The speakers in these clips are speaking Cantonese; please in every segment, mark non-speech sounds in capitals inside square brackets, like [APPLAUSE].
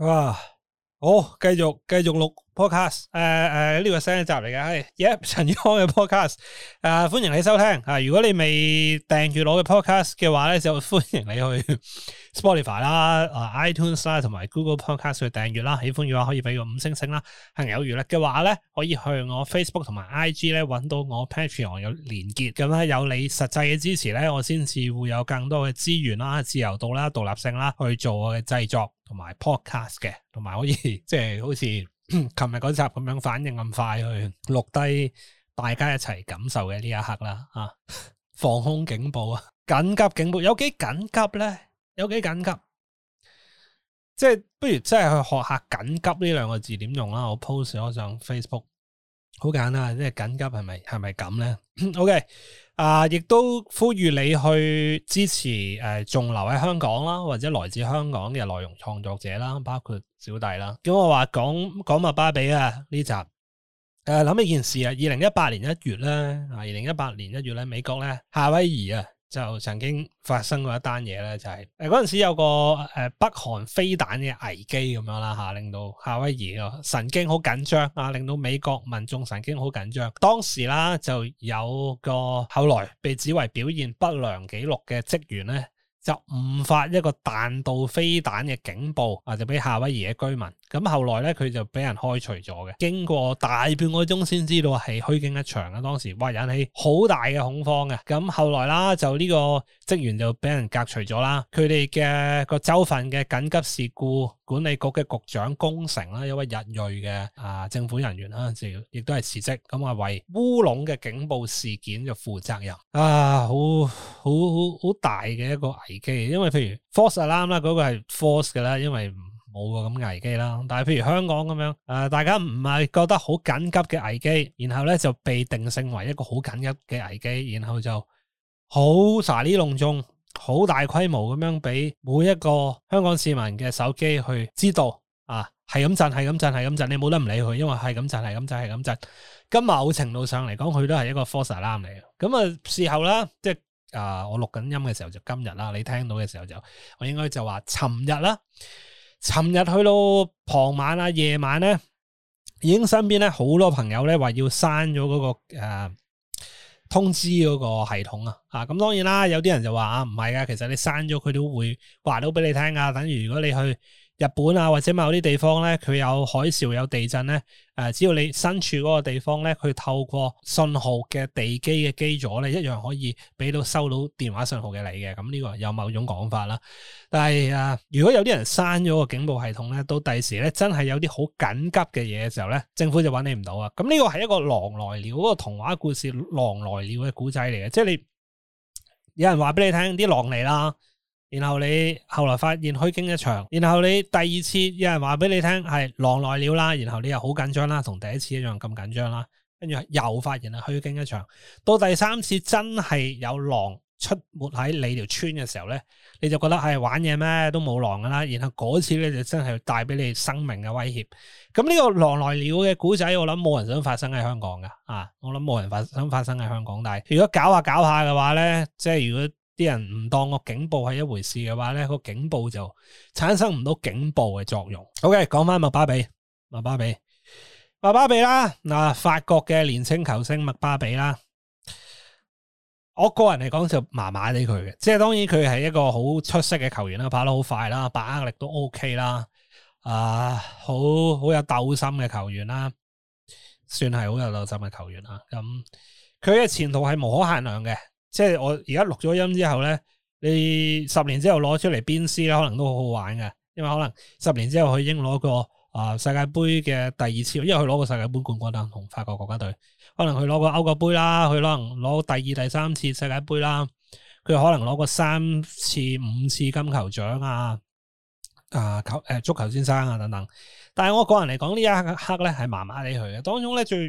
哇！好，繼續繼續錄 podcast，誒、呃、誒，呢、呃這個新一集嚟嘅，係，yep，陳宇康嘅 podcast，誒、呃，歡迎你收聽。吓、呃，如果你未訂閱我嘅 podcast 嘅話咧，就歡迎你去 Spotify 啦，誒、啊、iTunes 啦，同埋 Google Podcast 去訂閱啦。喜歡嘅話可以俾個五星星啦，行有餘力嘅話咧，可以向我 Facebook 同埋 IG 咧揾到我 Patreon 有連結，咁咧有你實際嘅支持咧，我先至會有更多嘅資源啦、自由度啦、獨立性啦，去做我嘅製作。同埋 Podcast 嘅，同埋可以即係、就是、好似琴日嗰集咁樣反應咁快去錄低大家一齊感受嘅呢一刻啦啊！防空警報啊，緊急警報有幾緊急咧？有幾緊急，急？即、就、係、是、不如即係去學下緊急呢兩個字點用啦！我 post 咗上 Facebook，好簡單，即係緊急係咪係咪咁咧？OK。啊！亦都呼籲你去支持誒，仲、啊、留喺香港啦，或者來自香港嘅內容創作者啦，包括小弟啦。咁、啊嗯、我話講講麥巴比啊呢集，誒、啊、諗起件事啊，二零一八年一月咧，啊二零一八年一月咧，美國咧夏威夷啊。就曾經發生過一單嘢咧，就係誒嗰陣時有個誒北韓飛彈嘅危機咁樣啦嚇，令到夏威夷嘅神經好緊張啊，令到美國民眾神經好緊張。當時啦就有個後來被指為表現不良紀錄嘅職員咧。就誤發一個彈道飛彈嘅警報啊！就俾夏威夷嘅居民咁，後來呢，佢就俾人開除咗嘅。經過大半個鐘先知道係虛驚一場啦。當時引起好大嘅恐慌。咁後來啦就呢個職員就俾人革除咗啦。佢哋嘅個州份嘅緊急事故管理局嘅局長工程啦，一位日裔嘅啊政府人員啦，就、啊、亦都係辭職，咁啊為烏龍嘅警報事件嘅負責任啊，好好好大嘅一個危機，因為譬如 false alarm 啦，嗰個係 false 嘅啦，因為冇咁危機啦，但係譬如香港咁樣，誒、啊、大家唔係覺得好緊急嘅危機，然後咧就被定性為一個好緊急嘅危機，然後就好查呢隆重。好大規模咁樣俾每一個香港市民嘅手機去知道啊，係咁震，係咁震，係咁震，你冇得唔理佢，因為係咁震，係咁震，係咁震。今某程度上嚟講，佢都係一個 force 拉你。咁啊，事後啦，即係啊、呃，我錄緊音嘅時候就今日啦，你聽到嘅時候就，我應該就話，尋日啦，尋日去到傍晚啊，夜晚咧，已經身邊咧好多朋友咧話要刪咗嗰個誒。呃通知嗰個系統啊，啊，咁當然啦，有啲人就話啊，唔係噶，其實你刪咗佢都會話到俾你聽啊，等於如果你去，日本啊，或者某啲地方咧，佢有海嘯、有地震咧，誒、呃，只要你身處嗰個地方咧，佢透過信號嘅地基嘅基礎咧，一樣可以俾到收到電話信號嘅你嘅，咁呢個有某種講法啦。但係啊、呃，如果有啲人刪咗個警報系統咧，到第時咧真係有啲好緊急嘅嘢嘅時候咧，政府就揾你唔到啊。咁呢個係一個狼來了嗰個童話故事，狼來了嘅古仔嚟嘅，即係你有人話俾你聽啲狼嚟啦。然後你後來發現虛驚一場，然後你第二次有人話俾你聽係狼來了啦，然後你又好緊張啦，同第一次一樣咁緊張啦，跟住又發現係虛驚一場，到第三次真係有狼出沒喺你條村嘅時候咧，你就覺得係玩嘢咩都冇狼噶啦，然後嗰次咧就真係帶俾你生命嘅威脅。咁、嗯、呢、這個狼來了嘅故仔，我諗冇人想發生喺香港噶，啊，我諗冇人發想發生喺香港，但係如果搞下搞下嘅話咧，即係如果。啲人唔當個警報係一回事嘅話咧，個警報就產生唔到警報嘅作用。OK，講翻麥巴比，麥巴比，麥巴比啦，嗱、啊，法國嘅年輕球星麥巴比啦，我個人嚟講就麻麻地佢嘅，即係當然佢係一個好出色嘅球員啦，跑得好快啦，把握力都 OK 啦，啊，好好有鬥心嘅球員啦，算係好有鬥心嘅球員啦，咁佢嘅前途係無可限量嘅。即係我而家錄咗音之後咧，你十年之後攞出嚟鞭屍咧，可能都好好玩嘅，因為可能十年之後佢已經攞過啊世界杯嘅第二次，因為佢攞過世界杯冠軍啦，同法國國家隊，可能佢攞過歐國杯啦，佢可能攞第二、第三次世界杯啦，佢可能攞過三次、五次金球獎啊，啊誒足球先生啊等等，但係我個人嚟講呢一刻咧係麻麻地去嘅，當中咧最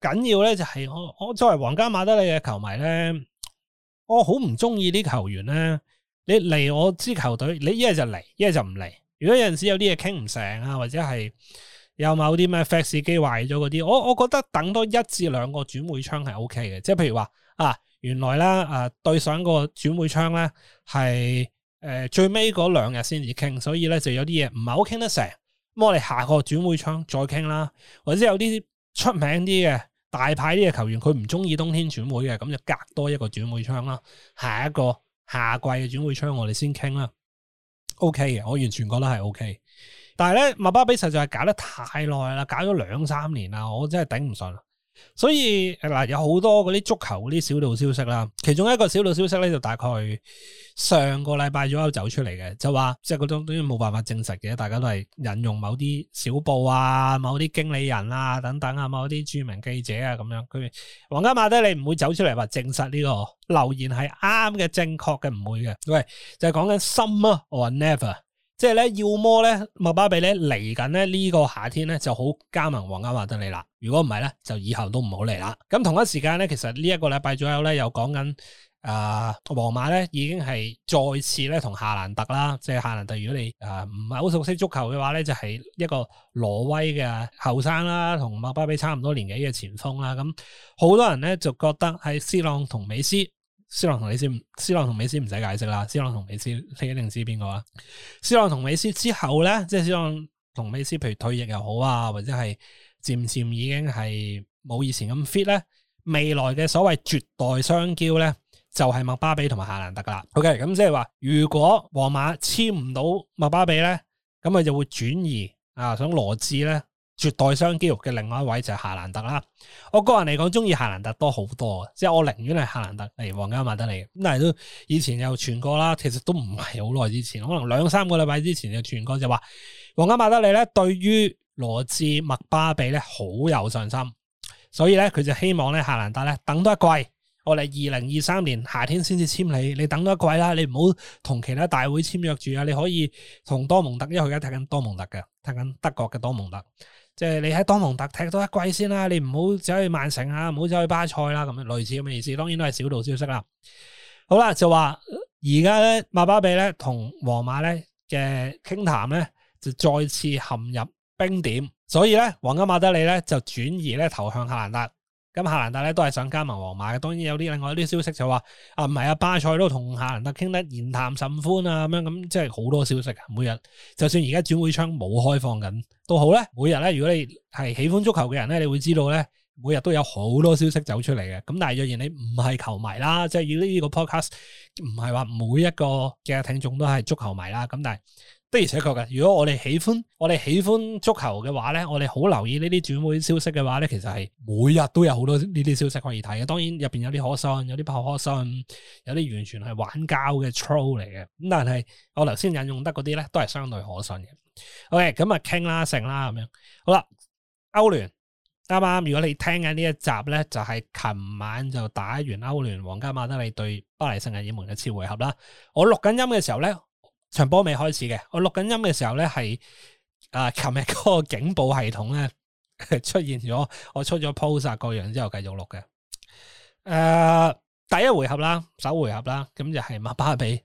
緊要咧就係我我作為皇家馬德里嘅球迷咧。我好唔中意啲球員咧，你嚟我支球隊，你一日就嚟，一日就唔嚟。如果有陣時有啲嘢傾唔成啊，或者係有某啲咩 fax 機壞咗嗰啲，我我覺得等多一至兩個轉會窗係 OK 嘅。即係譬如話啊，原來啦，誒、呃，對上個轉會窗咧係誒最尾嗰兩日先至傾，所以咧就有啲嘢唔係好傾得成。咁我哋下個轉會窗再傾啦，或者有啲出名啲嘅。大牌啲嘅球員佢唔中意冬天轉會嘅，咁就隔多一個轉會窗啦。下一個夏季嘅轉會窗我哋先傾啦。O K 嘅，我完全覺得係 O K。但係咧，麥巴比實在係搞得太耐啦，搞咗兩三年啦，我真係頂唔順啦。所以嗱、呃，有好多嗰啲足球啲小道消息啦，其中一個小道消息咧，就大概上個禮拜左右走出嚟嘅，就話即係嗰種，都冇辦法證實嘅，大家都係引用某啲小報啊、某啲經理人啊、等等啊、某啲著名記者啊咁樣。佢皇家馬德里唔會走出嚟話證實呢、這個留言係啱嘅、正確嘅，唔會嘅。喂、okay,，就係講緊 Summer or never。即係咧，要麼咧，麥巴比咧嚟緊咧呢個夏天咧就好加盟皇家馬德里啦。如果唔係咧，就以後都唔好嚟啦。咁同一時間咧，其實呢一個禮拜左右咧，又講緊誒皇馬咧已經係再次咧同夏蘭特啦，即係夏蘭特。如果你誒唔係好熟悉足球嘅話咧，就係、是、一個挪威嘅後生啦，同麥巴比差唔多年紀嘅前鋒啦。咁好多人咧就覺得係斯朗同美斯。斯朗同美斯，斯朗同美斯唔使解釋啦。斯朗同美斯，你一定知邊個啦。斯朗同美斯之後咧，即係斯朗同美斯，譬如退役又好啊，或者係漸漸已經係冇以前咁 fit 咧。未來嘅所謂絕代雙驕咧，就係、是、麥巴比同埋夏蘭特噶啦。OK，咁、嗯、即係話，如果皇馬簽唔到麥巴比咧，咁佢就會轉移啊，想羅致咧。絕代雙肌肉嘅另外一位就係夏蘭特啦，我個人嚟講中意夏蘭特多好多啊，即係我寧願係夏蘭特嚟皇家馬德里，咁但係都以前又傳過啦，其實都唔係好耐之前，可能兩三個禮拜之前就傳過，就話皇家馬德里咧對於羅致麥巴比咧好有信心，所以咧佢就希望咧夏蘭特咧等多一季，我哋二零二三年夏天先至簽你，你等多一季啦，你唔好同其他大會簽約住啊，你可以同多蒙特，因為而家睇緊多蒙特嘅，睇緊德國嘅多蒙特。即係你喺多蒙特踢多一季先啦，你唔好走去曼城啊，唔好走去巴塞啦，啊，咁樣類似咁嘅意思。當然都係小道消息啦。好啦，就話而家咧，馬巴比咧同皇馬咧嘅傾談咧就再次陷入冰點，所以咧皇家馬德里咧就轉移咧投向克蘭達。咁夏蘭特咧都係想加盟皇馬嘅，當然有啲另外一啲消息就話啊，唔係啊，巴塞都同夏蘭特傾得言談甚歡啊咁樣，咁即係好多消息啊！每日就算而家轉會窗冇開放緊都好咧，每日咧如果你係喜歡足球嘅人咧，你會知道咧每日都有好多消息走出嚟嘅。咁但係若然你唔係球迷啦，即係以呢個 podcast 唔係話每一個嘅聽眾都係足球迷啦，咁但係。的而且確嘅，如果我哋喜歡我哋喜歡足球嘅話咧，我哋好留意呢啲轉會消息嘅話咧，其實係每日都有好多呢啲消息可以睇嘅。當然入邊有啲可信，有啲不可信，有啲完全係玩膠嘅 troll 嚟嘅。咁但係我頭先引用得嗰啲咧，都係相對可信嘅。OK，咁啊，傾啦，成啦，咁樣好啦。歐聯啱啱，剛剛如果你聽緊呢一集咧，就係、是、琴晚就打完啦。歐聯皇家馬德里對巴黎聖日耳門嘅次回合啦，我錄緊音嘅時候咧。場波未開始嘅，我錄緊音嘅時候咧係，啊、呃，琴日嗰個警報系統咧 [LAUGHS] 出現咗，我出咗 pose 個樣之後繼續錄嘅。誒、呃，第一回合啦，首回合啦，咁就係馬巴比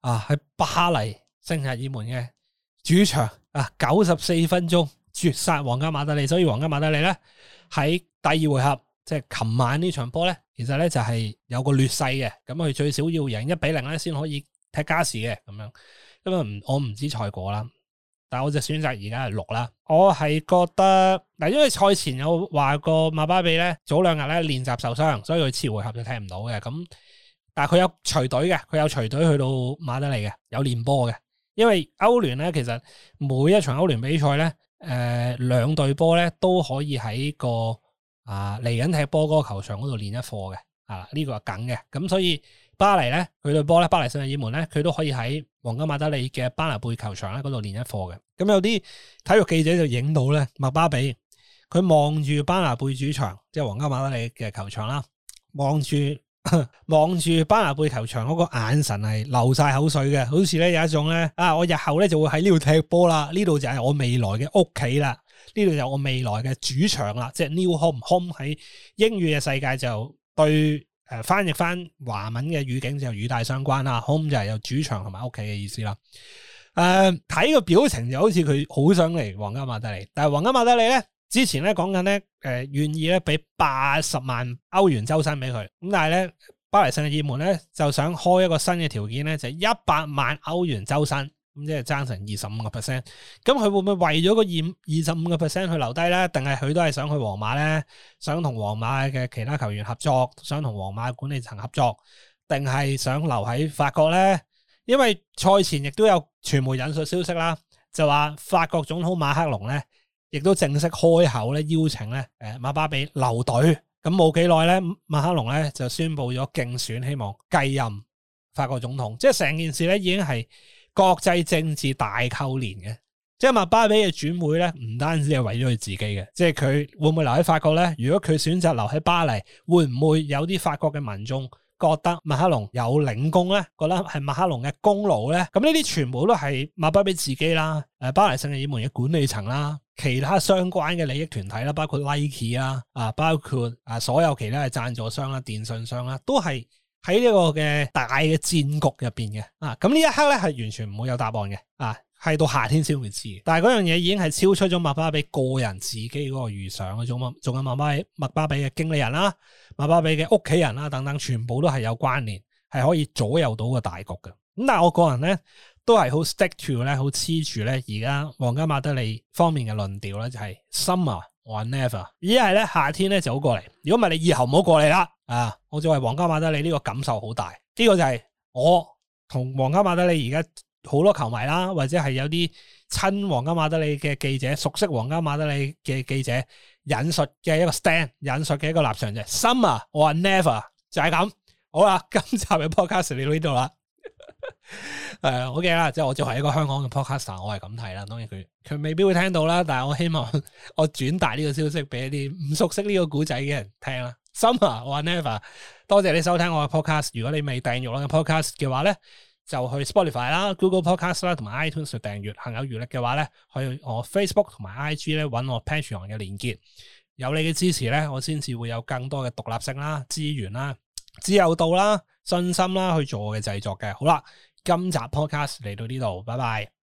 啊，喺巴黎聖日耳門嘅主場啊，九十四分鐘絕殺皇家馬德里，所以皇家馬德里咧喺第二回合，即係琴晚呢場波咧，其實咧就係有個劣勢嘅，咁佢最少要贏一比零咧先可以踢加時嘅咁樣。因啊唔，我唔知賽果啦，但係我就選擇而家係錄啦。我係覺得嗱，因為賽前有話過馬巴比咧，早兩日咧練習受傷，所以佢次回合就踢唔到嘅。咁但係佢有隨隊嘅，佢有隨隊去到馬德里嘅，有練波嘅。因為歐聯咧，其實每一場歐聯比賽咧，誒兩隊波咧都可以喺個啊嚟緊踢波嗰個球場嗰度練一課嘅啊，呢個係梗嘅。咁所以。巴黎咧，佢對波咧，巴黎聖日耳門咧，佢都可以喺皇家馬德里嘅巴拿貝球場咧嗰度練一課嘅。咁、嗯、有啲體育記者就影到咧，麥巴比佢望住巴拿貝主場，即係皇家馬德里嘅球場啦，望住望住巴拿貝球場嗰個眼神係流晒口水嘅，好似咧有一種咧啊，我日後咧就會喺呢度踢波啦，呢度就係我未來嘅屋企啦，呢度就係我未來嘅主場啦，即係 new home。home 喺英語嘅世界就對。誒、呃，翻譯翻華文嘅語境就語帶相關啦。home 就係有主場同埋屋企嘅意思啦。誒、呃，睇個表情就好似佢好想嚟皇家馬德里，但係皇家馬德里咧之前咧講緊咧，誒、呃、願意咧俾八十萬歐元周薪俾佢，咁但係咧巴黎聖日耳曼咧就想開一個新嘅條件咧，就一、是、百萬歐元周薪。咁即係爭成二十五個 percent，咁佢會唔會為咗個二二十五個 percent 去留低咧？定係佢都係想去皇馬咧？想同皇馬嘅其他球員合作，想同皇馬嘅管理層合作，定係想留喺法國咧？因為賽前亦都有傳媒引述消息啦，就話法國總統馬克龍咧，亦都正式開口咧邀請咧，誒馬巴比留隊。咁冇幾耐咧，馬克龍咧就宣布咗競選，希望繼任法國總統。即係成件事咧已經係國際政治大扣連嘅，即係麥巴比嘅轉會咧，唔單止係為咗佢自己嘅，即係佢會唔會留喺法國咧？如果佢選擇留喺巴黎，會唔會有啲法國嘅民眾覺得馬克龍有領功咧？覺得係馬克龍嘅功勞咧？咁呢啲全部都係麥巴比自己啦，誒巴黎聖日耳門嘅管理層啦，其他相關嘅利益團體啦，包括 Nike 啦，啊，包括啊所有其他嘅贊助商啦、電信商啦，都係。喺呢個嘅大嘅戰局入邊嘅啊，咁呢一刻咧係完全唔會有答案嘅啊，係到夏天先會知。但係嗰樣嘢已經係超出咗麥巴比個人自己嗰個預想嘅，仲有仲有麥巴比麥巴比嘅經理人啦、麥巴比嘅屋企人啦、啊啊、等等，全部都係有關聯，係可以左右到個大局嘅。咁但係我個人咧都係好 stick to 咧，好黐住咧，而家皇家馬德里方面嘅論調咧，就係 Summer！我 never，而係咧夏天咧就好過嚟，如果唔係你以後唔好過嚟啦啊！我作為皇家馬德里呢個感受好大。呢、這個就係我同皇家馬德里而家好多球迷啦，或者係有啲親皇家馬德里嘅記者，熟悉皇家馬德里嘅記者引述嘅一個 stand，引述嘅一個立場啫。Summer，我 never 就係咁。好啦，今集嘅 podcast 嚟到呢度啦。誒，好嘅啦，即係我作為一個香港嘅 podcaster，我係咁睇啦。當然佢佢未必會聽到啦，但係我希望我轉達呢個消息俾啲唔熟悉呢個古仔嘅人聽啦。Summer or Never，多謝你收聽我嘅 podcast。如果你未訂閱我嘅 podcast 嘅話咧，就去 Spotify 啦，Google Podcast 啦，同埋 iTunes 訂閱。行有餘力嘅話咧，去我 Facebook 同埋 IG 咧搵我 Patreon 嘅連結。有你嘅支持咧，我先至會有更多嘅獨立性啦、資源啦。自由度啦，信心啦，去做我嘅製作嘅。好啦，今集 Podcast 嚟到呢度，拜拜。